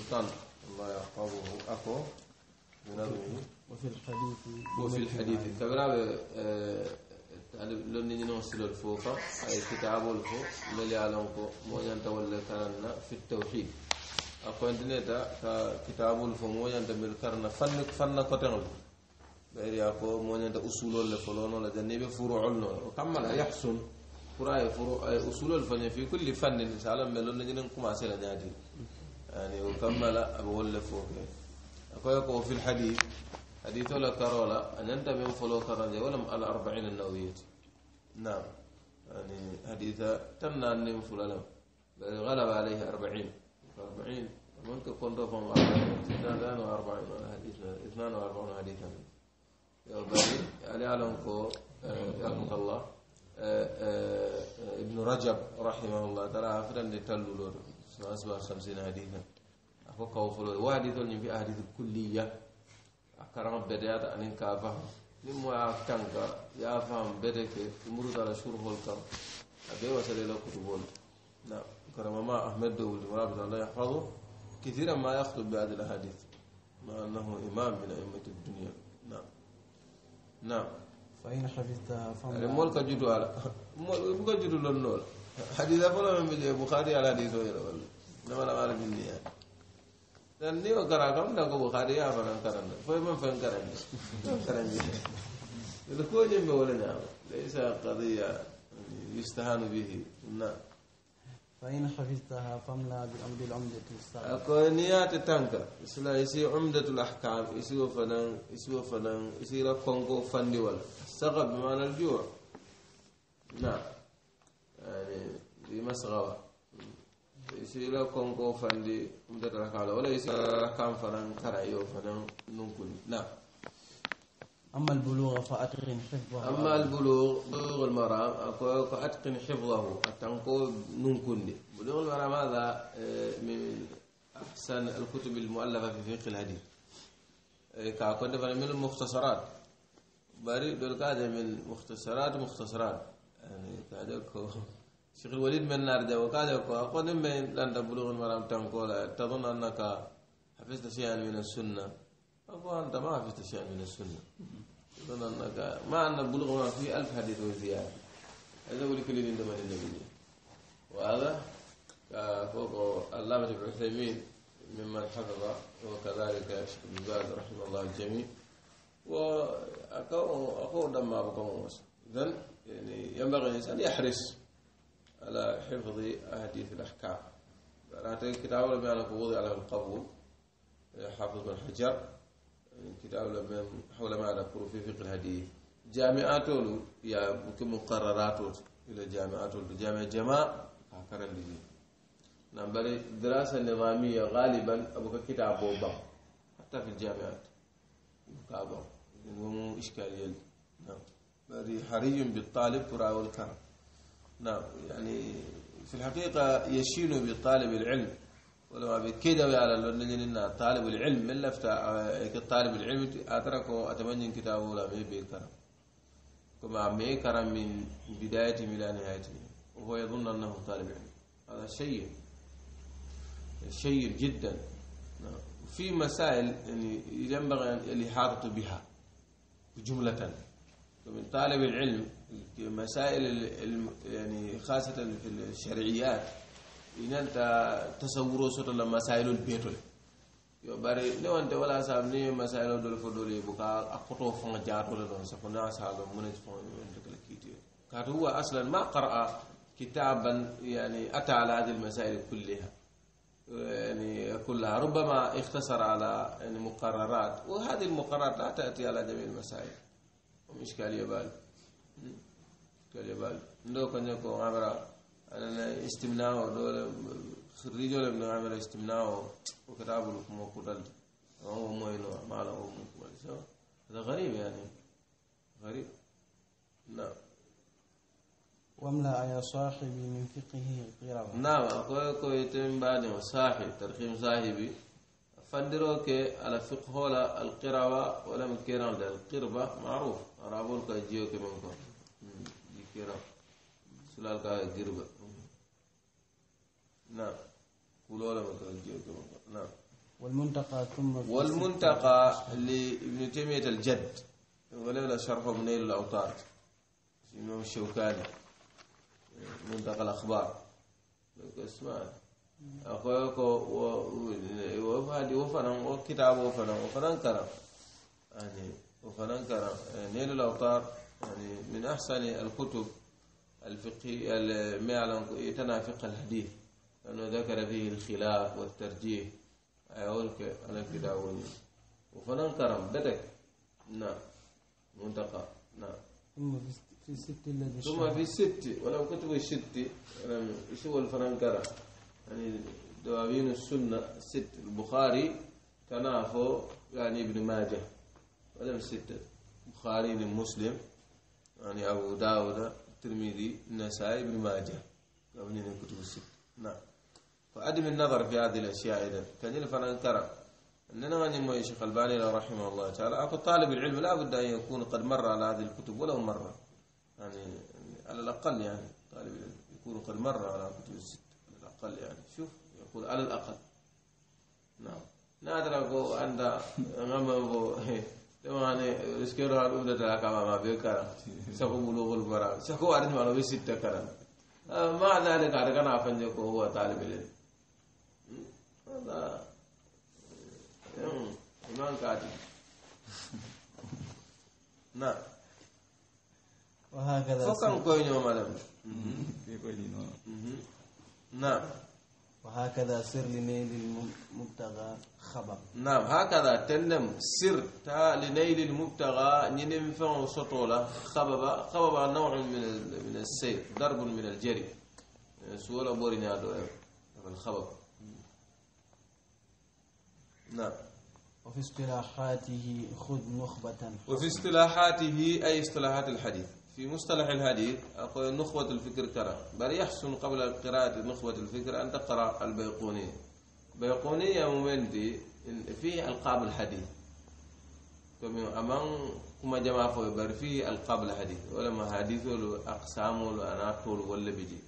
السلطان الله يحفظه أخو بنظمه وفي الحديث وفي الحديث التبرع آه، لن ننوصل الفوق أي كتاب الفوق للي علمكو موجان تولى كان في التوحيد أكو عندنا كتاب الفوق موجان تمر كان فن فن كتنغل بيري أكو موجان تأصول الفلون ولا جنبي فروع النور وكمل يحسن فروع فروع أصول الفن في كل فن إن شاء الله ملون نجنن كما سيلا نادي يعني وكمل أبو لفوك أقول وفي الحديث حديث ولا كارولا أن أنت من فلو كارولا ولم على 40 النووية نعم يعني حديث تمنع أن فلو غلب عليه أربعين أربعين ممكن كنت فهم أربعين اثنان وأربعين حديث اثنان وأربعون حديثا يوبالي يعني علي علمكو آه، رحمه الله آه، آه، ابن رجب رحمه الله ترى أفرن لتلولون أسبع خمسين حديثا أكو كوفلو وحديث نيم في أحاديث كلية أكرم بديات أن كافه نمو وأكتنك يا فهم بدك مرود على شروط الكر أبي وصل إلى كتب نعم كرم ما أحمد دولي ورابط الله يحفظه كثيرا ما يخطب بهذه الأحاديث مع أنه إمام من أئمة الدنيا نعم نعم فإن حفظتها فما الملك يعني جدو على الملك جدو حديث أقول من بدي بخاري على حديث غير ولا نما لا مال من ديها تاني يعني. وكرا كم نقول بخاري يا فلان كرنا فهم فهم كرنا كرنا الكل جنب ولا نعم ليس قضية يستهان به نعم فإن حفظتها فملا بالعمد العمدة المستقبل القرنيات تنكا إسلا إسي عمدة الأحكام إسي وفنان إسي وفنان إسي رقنقو فندول سقب بمعنى الجوع نعم مسغوة يسيلا كونكو فاندي مدد ركالة ولا يسيلا ركام فران كرأيو فران ننكل نعم أما البلوغ فأتقن حفظه أما البلوغ بلوغ المرام فأتقن حفظه أتنكو ننكل بلوغ المرام هذا من أحسن الكتب المؤلفة في فقه الحديث كأكون فأنا من المختصرات باري دول كاده من مختصرات مختصرات يعني كاده شيخ الوليد نار ناردة وقال أقول إما لن تبلغ المرام تنقول تظن أنك حفظت شيئا من السنة أقول أنت ما حفظت شيئا من السنة تظن أنك ما أن بلغ ما فيه ألف حديث وزيادة هذا هو لكل دين دمان النبي وهذا فوق اللامة ابن عثيمين ممن حفظ وكذلك الشيخ بن رحمه الله الجميع وأقول لما موسى إذن يعني ينبغي الإنسان يحرص على حفظ أحاديث الأحكام معناته كتاب لم يعرف وضع على القبول حافظ بن حجر كتاب لم حول ما يعرف في فقه الحديث جامعات يا ممكن مقررات إلى جامعات جامع جماعة هكذا نعم بل دراسة نظامية غالبا أبوك كتاب بوبا حتى في الجامعات مكابر إشكالية نعم بل حري بالطالب كراء والكرم نعم يعني في الحقيقة يشين بطالب العلم ولو بكده على إن طالب العلم من لفت آه، طالب العلم أتركه أتمنى كتابه لا بكرم كما عمي كرم من بدايته إلى نهايته وهو يظن أنه طالب علم هذا شيء شيء جدا نعم. في مسائل يعني ينبغي الإحاطة بها جملة من طالب العلم مسائل يعني خاصة في الشرعيات إن أنت تصوروا صوت المسائل البيت يبري لو أنت ولا سامني مسائل دول فدولي بقى أقطع فن جات ولا دون سكون ناس هذا من يفهم الكتير كده هو أصلا ما قرأ كتابا يعني أتى على هذه المسائل كلها يعني كلها ربما اختصر على يعني مقررات وهذه المقررات لا تأتي على جميع المسائل إشكالية بال إشكالية بال لو كنجا كو عمرا أنا استمناء دول خريجو لم نعمل استمناء وكتاب لكم وقتل أو موينو ما له مقبل هذا غريب يعني غريب نعم واملا يا صاحبي من فقه قرب نعم أقول كو يتم بعد صاحب ترخيم صاحبي فندروك على فقه ولا القربة ولم كيران القربة معروف arabol ka jiyo ke men ko jikira sulal والمنتقى ثم والمنتقى لابن تيمية الجد ولولا شرحه من الأوطار الإمام الشوكاني منتقى الأخبار اسمع أخوك وفادي وفنا وكتاب وفنا وفنا كرم يعني وفننكر آه، نيل الأوطار يعني من أحسن الكتب الفقهية ما يعلم يتنع فقه الحديث لأنه ذكر فيه الخلاف والترجيح أيولك على كده وفننكر بدك نعم منتقى نعم ثم في الست الذي ثم في الست ولو كتب الست لم الفرنكرة يعني دواوين السنة الست البخاري تنافو يعني ابن ماجه ولم ستة بخاري مسلم يعني أبو داود الترمذي النسائي بن ماجه من الكتب الستة نعم فعدم النظر في هذه الأشياء إذا كان فلان ترى أننا غني يا شيخ الباني رحمه الله تعالى أكو طالب العلم لا بد أن يكون قد مر على هذه الكتب ولو مرة يعني على الأقل يعني طالب العلم يكون قد مر على كتب الستة على الأقل يعني شوف يقول على الأقل نعم نادر أكو عند أمامه ɗemane riskero ha ɗum datala kamama be karan sabu mulogol bara sako aɗatimano ɓe sitta karan ma dhalika aɗa kana fanje ko huwa talibilin هذا إيمان كاذب نعم وهكذا فكم كوين يوم نعم وهكذا سر لنيل المبتغى خبر نعم هكذا تنم سر تا لنيل المبتغى ننم فان سطولا خبب خبب نوع من من السير ضرب من الجري سولا بورين هذا الخبب نعم وفي اصطلاحاته خذ نخبة وفي اصطلاحاته أي اصطلاحات الحديث في مصطلح الحديث أقول نخوة الفكر كرا بل يحسن قبل قراءة نخوة الفكر أن تقرأ البيقوني بيقونية مومنتي فيه ألقاب الحديث كما أمان كما جماعة فوي بر فيه ألقاب الحديث ولا ما حديثه لو أقسامه اذا ولا بيجي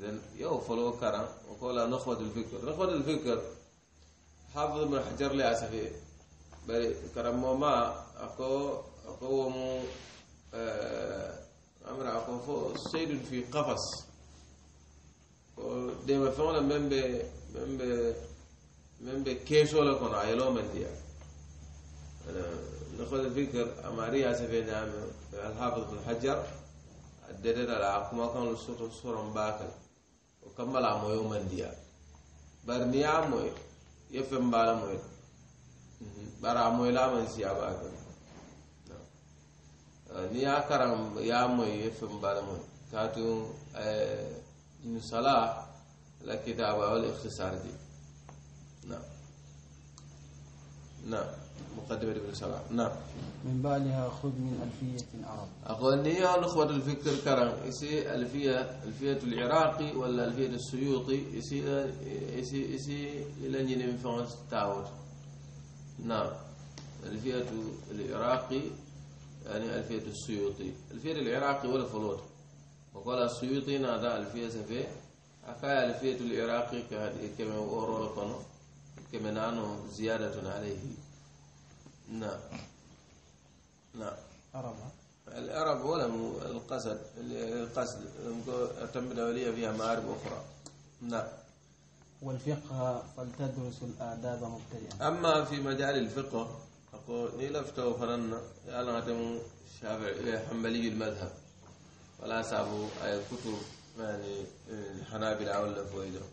إذن يو فلو كرا وقول نخوة الفكر نخوة الفكر حافظ ابن حجر لأسفه بل كرم ما اكو أقو مو amra ko fo seydun fi qafas ko dema feŋola meŋ be meŋ be meŋ be لكون عيلو من ديا yeloo maŋ diya لقد ذكر أماريا سفينا يعني الحافظ بن حجر الددر على كما كان الصوت الصورة مباكل وكمل عمو يوم ديا برنيا عمو يفهم بالا مويل برا عمو لا من سيا باكل ni ya karam ya mai ya fin balamun katun eh, nusala la kitaba wal ikhtisar di na na مقدمة ابن سبع نعم من بعدها خذ من ألفية العرب أقول لي الأخوة الفكر كرم إسي ألفية ألفية العراقي ولا ألفية السيوطي إسي إسي إسي إلى جنين فرنسا تاور نعم ألفية العراقي يعني ألفية السيوطي ألفية العراقي ولا فلوت وقال السيوطي نادا ألفية سفي أكاية ألفية العراقي كما أورو لكم كما نانو زيادة عليه نعم نعم عرب العرب ولا القصد القصد تم دولية فيها مآرب أخرى نعم والفقه فلتدرس الآداب مبتدئا أما في مجال الفقه ni lafitoo fanaŋ e, eh? na ye a laŋa temu hanbaliyu lmadhab wala saabu a ye kutu yani hanabila awol le foyi doro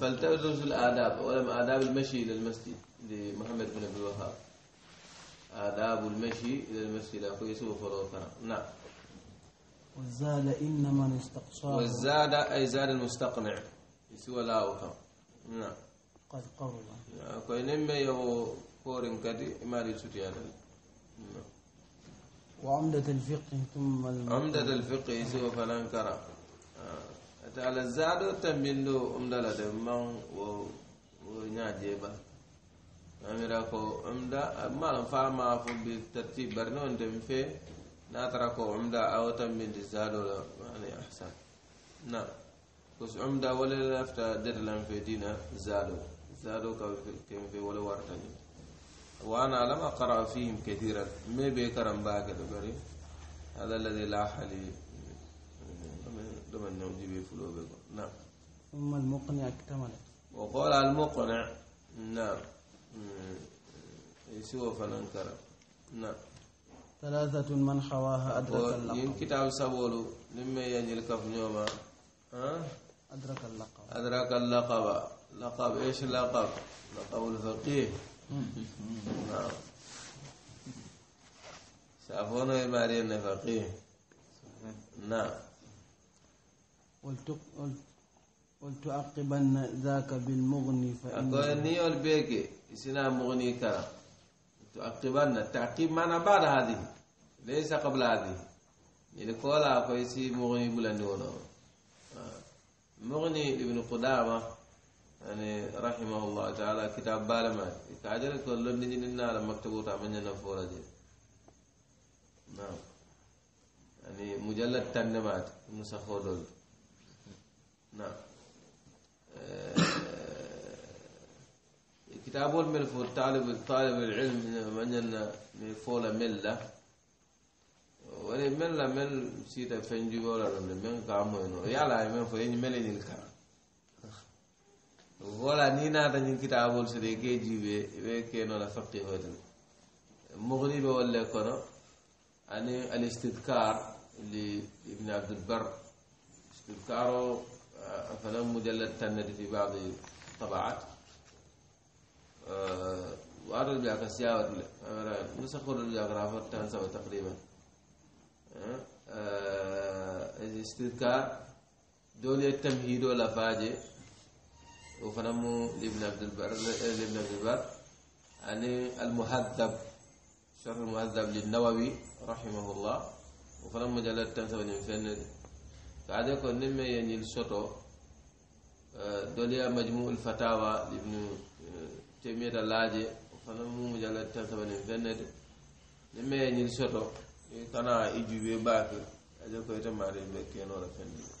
فلتدرس الآداب أولا آداب المشي إلى المسجد لمحمد بن عبد الوهاب آداب المشي إلى المسجد أخو يسوع فروثنا نعم والزاد إنما الاستقصاء والزاد أي زاد المستقنع يسوى لا أوثر نعم وعمدة الفقه ثم عمدة الفقه سوى فلانكرا على الزاد تمين دو عمدة لدمان و ونياجيبا أميرا كو عمدة ما فاما فو بالترتيب برنو انت في ناترا كو عمدة أو تمين دي الزاد ولا يعني أحسن نعم كوس عمدة ولا لفتا درلان في دينا زادو زادوك كم في ولا ورتني وأنا لم أقرأ فيهم كثيرا ما بيكرم باك دقري هذا الذي لاح لي دمن نوجي فلو بكم نعم ثم المقنع اكتمل وقال المقنع نعم يسوى فننكر نعم ثلاثة من خواها أدرك اللقب كتاب سبولو لما ينجل كف نيوما أدرك اللقب أدرك اللقب لقب ايش اللقب؟ لقب الفقيه نعم شافونه يماري فقيه نعم ولتعقبن ذاك بالمغني فإن أقول نيو البيكي يسنا مغني كا تعقبن التعقيب معنى بعد هذه ليس قبل هذه يقول أقول يسي مغني بلا آه. مغني ابن قدامة يعني رحمه الله تعالى كتاب بالما كاجر كل نجي ننا مكتوب من فورا دي نعم يعني مجلد تنمات دول نعم آه، كتاب من فول طالب طالب العلم من من فول ملة ولي ملة مل سيتا فنجي ولا من كامو إنه يلا من فين ملة الكلام wala ni naata ñiŋ kitaabolu soto i ka i jiibe i be keno la faqiho tin mughni be wolle kono ani al istidkar li ibn abdulbar istidkaro fanaŋ mujallad tannati fi badi tabaat waatol be a ka siyawatu le musakodol be a ka raafat tan sawa taqriban istidkar doolu ye tamhido la faaje وفنمو لابن عبد البر آه، لابن عبد البر عن يعني المهذب شرح المهذب للنووي رحمه الله وفنمو جلال تنسوني فين فعدي يكون نم يعني سوتو آه، دوليا مجموع الفتاوى لابن آه، تيمية اللاجي وفنمو جلال تنسوني فين نم يعني سوتو كان إيه، يجيبي باكي أجل كويتا ماري بكينو لفن فين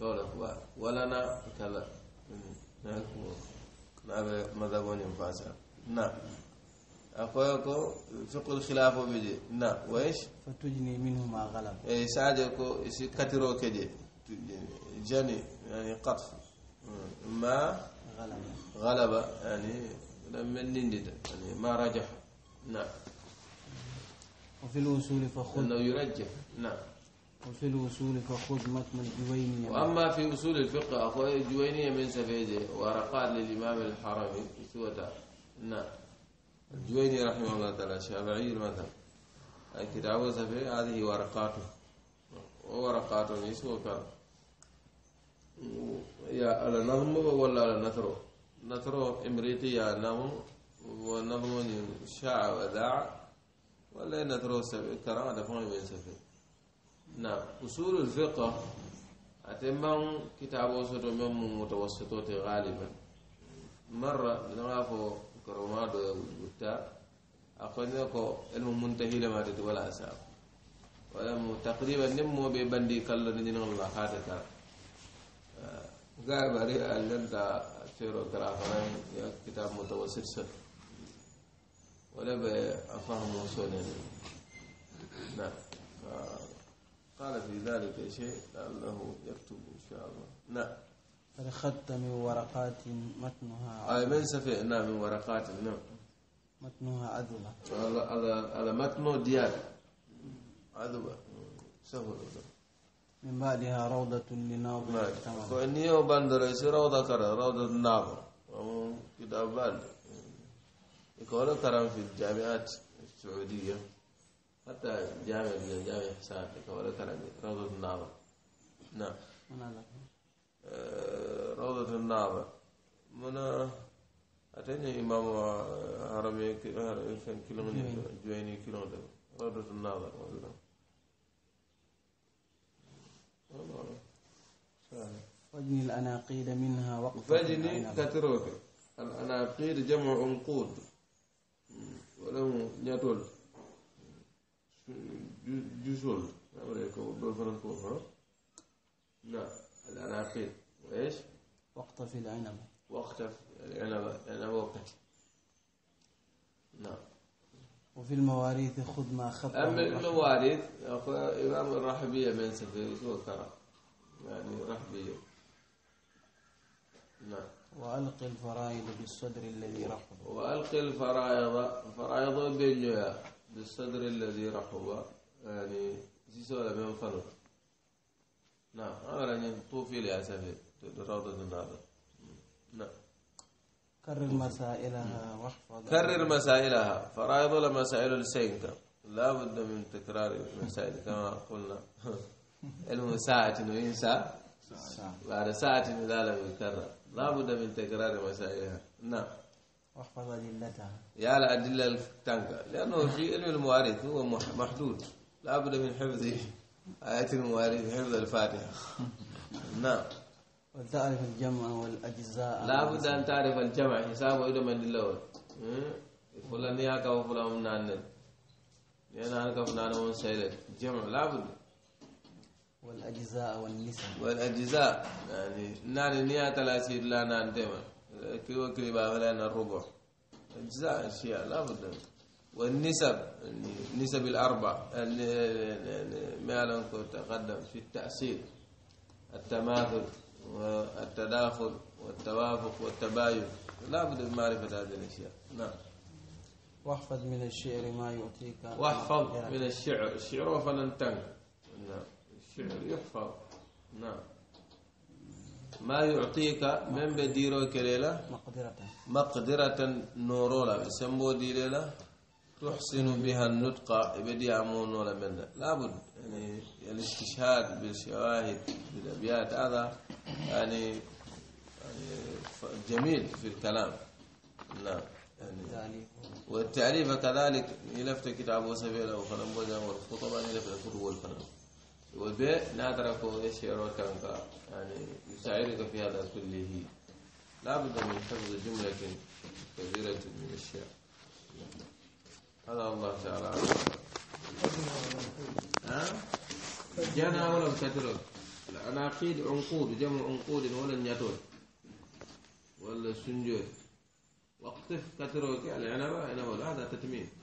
لك ولنا كلا مذهبون فاسع نعم, نعم،, نعم. أخوياكو فقه الخلاف بيجي نعم وإيش فتجني منه ما غلب إيه سعدكو إيش كترو كدي جني يعني قطف ما غلب غلب يعني لما نندد يعني ما رجح نعم وفي الوصول فخذ أنه يرجح نعم وفي الوصول فخذ متن الجويني وأما في أصول الفقه أخوي الجويني من سفيجي ورقات للإمام الحرمي سوده نعم الجويني رحمه الله تعالى الشافعي المذهب كتابه سفي هذه ورقاته ورقاته يسوى كان يا على نظم ولا على نثره نثره إمريتي يا نظم ونظم شاع وذاع ولا نثره كرامة فهم من سفيه نعم أصول الفقه أتمم كتاب وسط من متوسطات غالبا مرة نعرف كرمات وتا أخذناك إنه منتهي لما تتولى أساب ولم تقريبا نمو ببندي كلا نجن الله خاتتا غير بريء ألنتا فيرو كرافنا كتاب متوسط سر ولا بأفهم وصولين نعم قال في ذلك شيء لعله يكتب إن شاء الله نعم قد أخذت من ورقات متنها أي من سفيه نعم من ورقات نعم متنها عذبة هذا هذا متن ديار عذبة سهل من بعدها روضة لناظر نعم إني وبندر يصير روضة كرة روضة ناظر كتاب بعد يقول كرم في الجامعات السعودية حتى جامع جامع حساب ولا تلاميذ روضة الناظر نعم آه، روضة الناظر من آه، أتينا إمام هرمي كيلومتر جويني كيلومتر روضة الناظر والله فجني الأناقيد منها وقت فجني كتروفي الأناقيد جمع أنقود ولو يطل جزر بالفرنكوفر نعم العناقيل وإيش في العنب في العنب العنب وقت نعم وفي المواريث خذ ما خذ أما المواريث إمام الرحبية بين سفيرس والكرم يعني رحبية نعم وألقي الفرائض بالصدر الذي رفض وألقي الفرائض فرائض جهة بالصدر الذي رحب يعني زيسو ولا بين فلو نعم أمر أن يطوفي لأسفه روضة النار نعم كرر مسائلها واحفظ كرر مسائلها فرائض ولا مسائل السينك لا بد من تكرار المسائل كما قلنا علم ساعة وإنسى بعد ساعة إذا لم يكرر لا بد من تكرار مسائلها نعم واحفظ أدلتها يا الأدلة التانكة لأنه في علم المواريث هو محدود لا بد من حفظ آيات المواريث حفظ الفاتحة نعم وتعرف الجمع والأجزاء لا بد أن تعرف الجمع حسابه إلى من الله فلان ياك وفلان من نان أنا أنا كفنان من سيد الجمع لا بد والأجزاء والنسب والأجزاء يعني نان نيات لا سيد لا نان تمام كيلو كيلو باغلان الربع أجزاء أشياء لا بد والنسب النسب الأربع ما لم تقدم في التأسيس التماثل والتداخل والتوافق والتباين لا بد من معرفة هذه الأشياء نعم واحفظ من الشعر ما يؤتيك واحفظ من الشعر الشعر فلن تنك نعم الشعر يحفظ نعم ما يعطيك من بديرو كليلا مقدرة مقدرة نورولا سمبو ديليلا تحسن بها النطق بدي عمون ولا من لابد يعني الاستشهاد بالشواهد بالأبيات هذا يعني،, يعني, جميل في الكلام نعم يعني والتعريف كذلك إلفت كتاب وسبيله والخطب والخطبة إلفت كتب والفنان والبيع لا ايش يشير كنك يعني يساعدك في هذا كله لا بد من حفظ جملة كبيرة من الشيء هذا الله تعالى ها جانا ولم تترك العناقيد عنقود جمع عنقود ولا يترك ولا سنجود واقتف كتروك العنبة يعني عنبة هذا تتميم